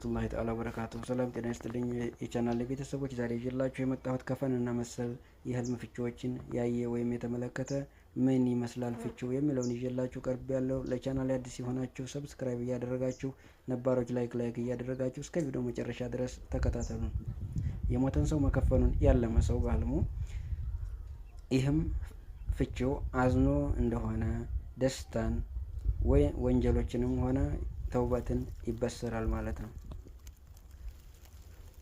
ወረህመቱላሂ ተዓላ ወበረካቱሁ። ሰላም ጤና ይስጥልኝ የቻናል ቤተሰቦች፣ ዛሬ ይዤላችሁ የመጣሁት ከፈን እና መሰል የህልም ፍቺዎችን ያየ ወይም የተመለከተ ምን ይመስላል ፍቺው የሚለውን ይዤላችሁ ቀርብ ያለው። ለቻናል አዲስ የሆናችሁ ሰብስክራይብ እያደረጋችሁ፣ ነባሮች ላይክ ላይክ እያደረጋችሁ እስከ ቪዲዮ መጨረሻ ድረስ ተከታተሉ። የሞተን ሰው መከፈኑን ያለመ ሰው በህልሙ ይህም ፍቺው አዝኖ እንደሆነ ደስታን ወይ ወንጀሎችንም ሆነ ተውበትን ይበሰራል ማለት ነው።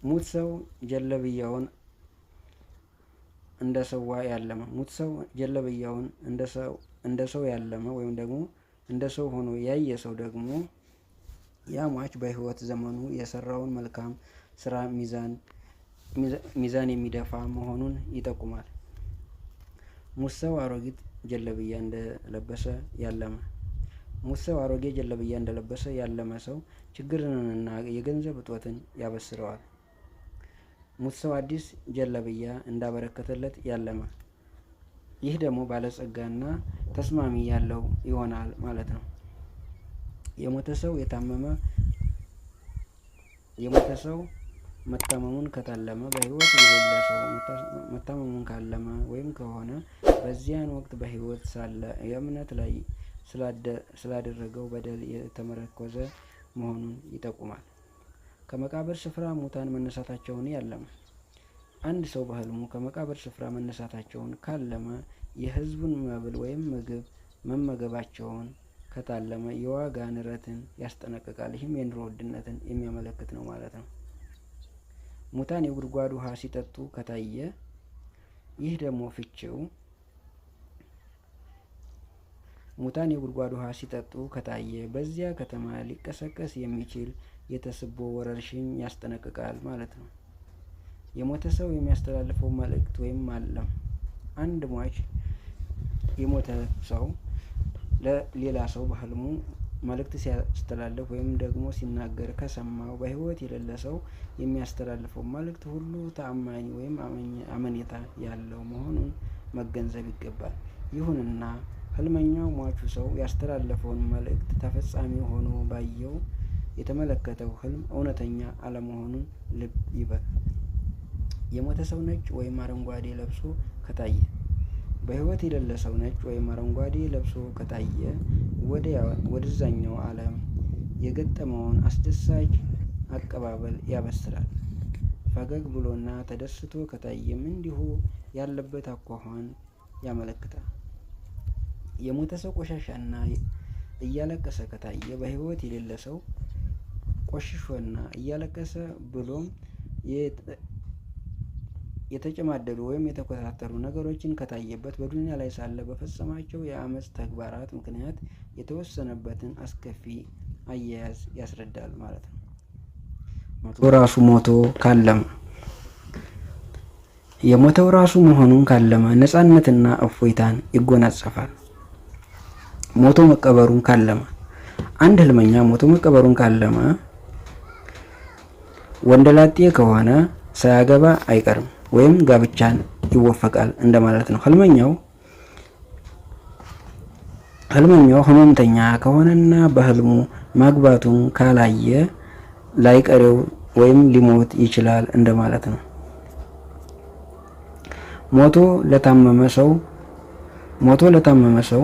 ሙት ሰው ጀለብያውን እንደ ሰዋ ያለመ ሙት ሰው ጀለብያውን እንደ ሰው ያለመ ወይም ደግሞ እንደ ሰው ሆኖ ያየ ሰው ደግሞ ያ ሟች በሕይወት ዘመኑ የሰራውን መልካም ስራ ሚዛን ሚዛን የሚደፋ መሆኑን ይጠቁማል። ሙት ሰው አሮጊት ጀለብያ እንደለበሰ ያለመ ሙት ሰው አሮጌ ጀለብያ እንደለበሰ ያለመ ሰው ችግርንና የገንዘብ እጦትን ያበስረዋል። ሙት ሰው አዲስ ጀለብያ እንዳበረከተለት ያለመ፣ ይህ ደግሞ ባለጸጋና ተስማሚ ያለው ይሆናል ማለት ነው። የሞተ ሰው የታመመ የሞተ ሰው መታመሙን ከታለመ በህይወት የሌለ ሰው መታመሙን ካለመ ወይም ከሆነ በዚያን ወቅት በህይወት ሳለ የእምነት ላይ ስላደረገው በደል የተመረኮዘ መሆኑን ይጠቁማል። ከመቃብር ስፍራ ሙታን መነሳታቸውን ያለመ አንድ ሰው በህልሙ ከመቃብር ስፍራ መነሳታቸውን ካለመ የህዝቡን መብል ወይም ምግብ መመገባቸውን ከታለመ የዋጋ ንረትን ያስጠነቅቃል። ይህም የኑሮ ውድነትን የሚያመለክት ነው ማለት ነው። ሙታን የጉድጓድ ውሃ ሲጠጡ ከታየ ይህ ደግሞ ፍቺው ሙታን የጉድጓድ ውሃ ሲጠጡ ከታየ በዚያ ከተማ ሊቀሰቀስ የሚችል የተስቦ ወረርሽኝ ያስጠነቅቃል ማለት ነው። የሞተ ሰው የሚያስተላልፈው መልእክት ወይም አለም አንድ ሟች የሞተ ሰው ለሌላ ሰው በህልሙ መልእክት ሲያስተላልፍ ወይም ደግሞ ሲናገር ከሰማው በህይወት የሌለ ሰው የሚያስተላልፈው መልእክት ሁሉ ተአማኝ ወይም አመኔታ ያለው መሆኑን መገንዘብ ይገባል። ይሁንና ህልመኛው ሟቹ ሰው ያስተላለፈውን መልእክት ተፈጻሚ ሆኖ ባየው የተመለከተው ህልም እውነተኛ አለመሆኑን ልብ ይበል። የሞተ ሰው ነጭ ወይም አረንጓዴ ለብሶ ከታየ በህይወት የሌለ ሰው ነጭ ወይም አረንጓዴ ለብሶ ከታየ ወደዛኛው ዓለም የገጠመውን አስደሳች አቀባበል ያበስራል። ፈገግ ብሎና ተደስቶ ከታየም እንዲሁ ያለበት አኳኋን ያመለክታል። የሞተ ሰው ቆሻሻና እያለቀሰ ከታየ በህይወት የሌለ ሰው ቆሽሾና እያለቀሰ ብሎም የተጨማደዱ ወይም የተኮሳተሩ ነገሮችን ከታየበት በዱንያ ላይ ሳለ በፈጸማቸው የአመፅ ተግባራት ምክንያት የተወሰነበትን አስከፊ አያያዝ ያስረዳል ማለት ነው። ሞቶ ራሱ ሞቶ ካለም የሞተው ራሱ መሆኑን ካለመ ነፃነትና እፎይታን ይጎናጸፋል። ሞቶ መቀበሩን ካለመ አንድ ህልመኛ ሞቶ መቀበሩን ካለመ ወንደላጤ ከሆነ ሳያገባ አይቀርም ወይም ጋብቻን ይወፈቃል እንደማለት ነው። ህልመኛው ህልመኛው ህመምተኛ ከሆነና በህልሙ ማግባቱን ካላየ ላይቀሬው ወይም ሊሞት ይችላል እንደማለት ነው። ሞቶ ለታመመ ሰው ሞቶ ለታመመ ሰው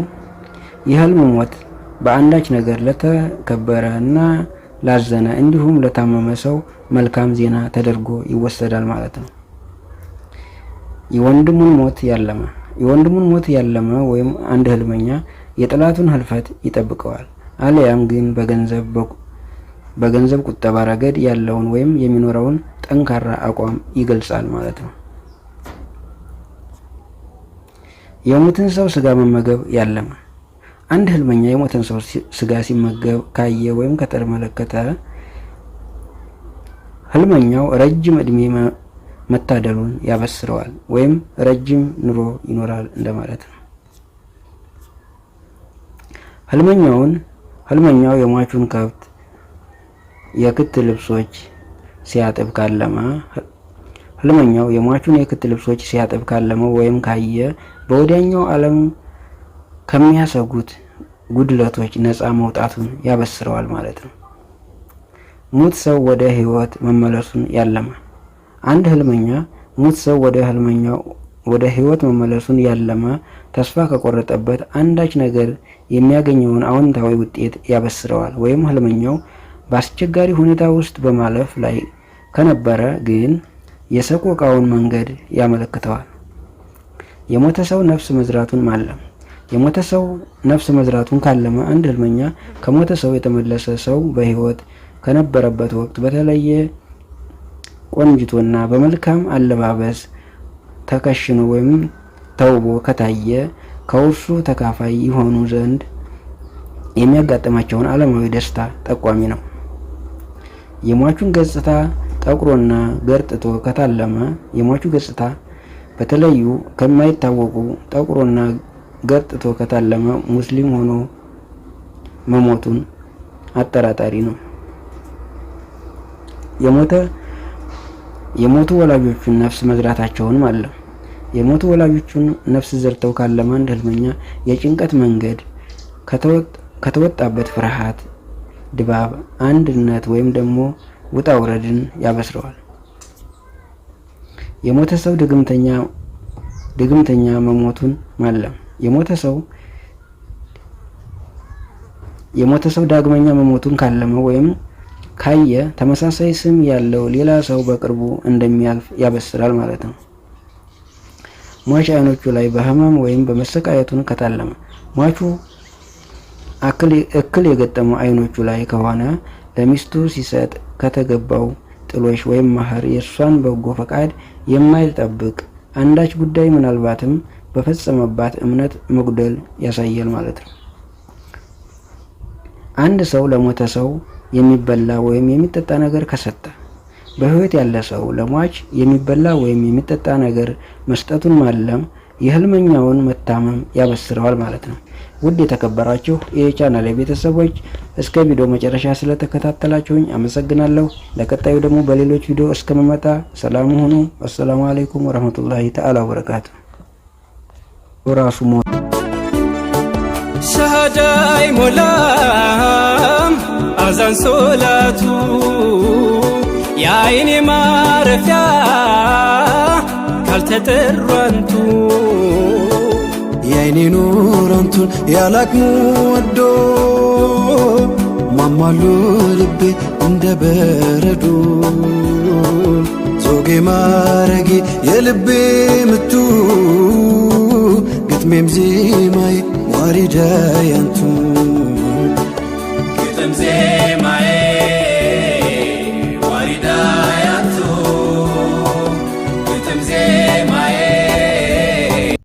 የህልም ሞት በአንዳች ነገር ለተከበረ እና ላዘነ እንዲሁም ለታመመ ሰው መልካም ዜና ተደርጎ ይወሰዳል ማለት ነው። የወንድሙን ሞት ያለመ የወንድሙን ሞት ያለመ ወይም አንድ ህልመኛ የጠላቱን ህልፈት ይጠብቀዋል። አልያም ግን በገንዘብ ቁጠባ ረገድ ያለውን ወይም የሚኖረውን ጠንካራ አቋም ይገልጻል ማለት ነው። የሙትን ሰው ስጋ መመገብ ያለመ አንድ ህልመኛ የሞተን ሰው ስጋ ሲመገብ ካየ ወይም ከተመለከተ ህልመኛው ረጅም እድሜ መታደሉን ያበስረዋል ወይም ረጅም ኑሮ ይኖራል እንደማለት ነው። ህልመኛውን ህልመኛው የሟቹን ከብት የክት ልብሶች ሲያጥብ ካለማ ህልመኛው የሟቹን የክት ልብሶች ሲያጥብ ካለመ ወይም ካየ በወዲያኛው ዓለም ከሚያሰጉት ጉድለቶች ነፃ መውጣቱን ያበስረዋል ማለት ነው። ሙት ሰው ወደ ህይወት መመለሱን ያለማል። አንድ ህልመኛ ሙት ሰው ወደ ህልመኛው ወደ ህይወት መመለሱን ያለማ ተስፋ ከቆረጠበት አንዳች ነገር የሚያገኘውን አዎንታዊ ውጤት ያበስረዋል። ወይም ህልመኛው በአስቸጋሪ ሁኔታ ውስጥ በማለፍ ላይ ከነበረ ግን የሰቆቃውን መንገድ ያመለክተዋል። የሞተ ሰው ነፍስ መዝራቱን ማለም የሞተ ሰው ነፍስ መዝራቱን ካለመ አንድ ህልመኛ ከሞተ ሰው የተመለሰ ሰው በህይወት ከነበረበት ወቅት በተለየ ቆንጅቶና በመልካም አለባበስ ተከሽኖ ወይም ተውቦ ከታየ ከውርሱ ተካፋይ ይሆኑ ዘንድ የሚያጋጥማቸውን ዓለማዊ ደስታ ጠቋሚ ነው። የሟቹን ገጽታ ጠቁሮና ገርጥቶ ከታለመ የሟቹ ገጽታ በተለዩ ከማይታወቁ ጠቁሮና ገርጥቶ ከታለመ ሙስሊም ሆኖ መሞቱን አጠራጣሪ ነው። የሞተ የሞቱ ወላጆቹን ነፍስ መዝራታቸውንም አለ። የሞቱ ወላጆቹን ነፍስ ዘርተው ካለመ አንድ ህልመኛ የጭንቀት መንገድ ከተወጣበት ፍርሃት ድባብ አንድነት ወይም ደግሞ ውጣ ውረድን ያበስረዋል። የሞተ ሰው ድግምተኛ ድግምተኛ መሞቱን ማለም የሞተ ሰው የሞተ ሰው ዳግመኛ መሞቱን ካለመ ወይም ካየ ተመሳሳይ ስም ያለው ሌላ ሰው በቅርቡ እንደሚያልፍ ያበስራል ማለት ነው። ሟች አይኖቹ ላይ በህመም ወይም በመሰቃየቱን ከታለመ ሟቹ እክል የገጠመው አይኖቹ ላይ ከሆነ ለሚስቱ ሲሰጥ ከተገባው ጥሎሽ ወይም መህር የእሷን በጎ ፈቃድ የማይጠብቅ አንዳች ጉዳይ ምናልባትም በፈጸመባት እምነት መጉደል ያሳያል ማለት ነው። አንድ ሰው ለሞተ ሰው የሚበላ ወይም የሚጠጣ ነገር ከሰጠ በሕይወት ያለ ሰው ለሟች የሚበላ ወይም የሚጠጣ ነገር መስጠቱን ማለም የህልመኛውን መታመም ያበስረዋል ማለት ነው። ውድ የተከበራችሁ የቻናል ቤተሰቦች እስከ ቪዲዮ መጨረሻ ስለተከታተላችሁኝ አመሰግናለሁ። ለቀጣዩ ደግሞ በሌሎች ቪዲዮ እስከመመጣ ሰላም ሁኑ። አሰላሙ አለይኩም ወረህመቱላሂ ተዓላ ወበረካቱ። ራሱ ሞት ሻሃዳ አይሞላም አዛን ሶላቱ የአይኔ ማረፊያ ካልተጠሩ አንቱ የአይኔ ኑር አንቱን ያላቅሙ ወዶ ማማሉ ልቤ እንደ በረዶ ዞጌ ማረጌ የልቤ ምቱ ግጥሜም ዜማዬ ዋሪዳ ያንቱ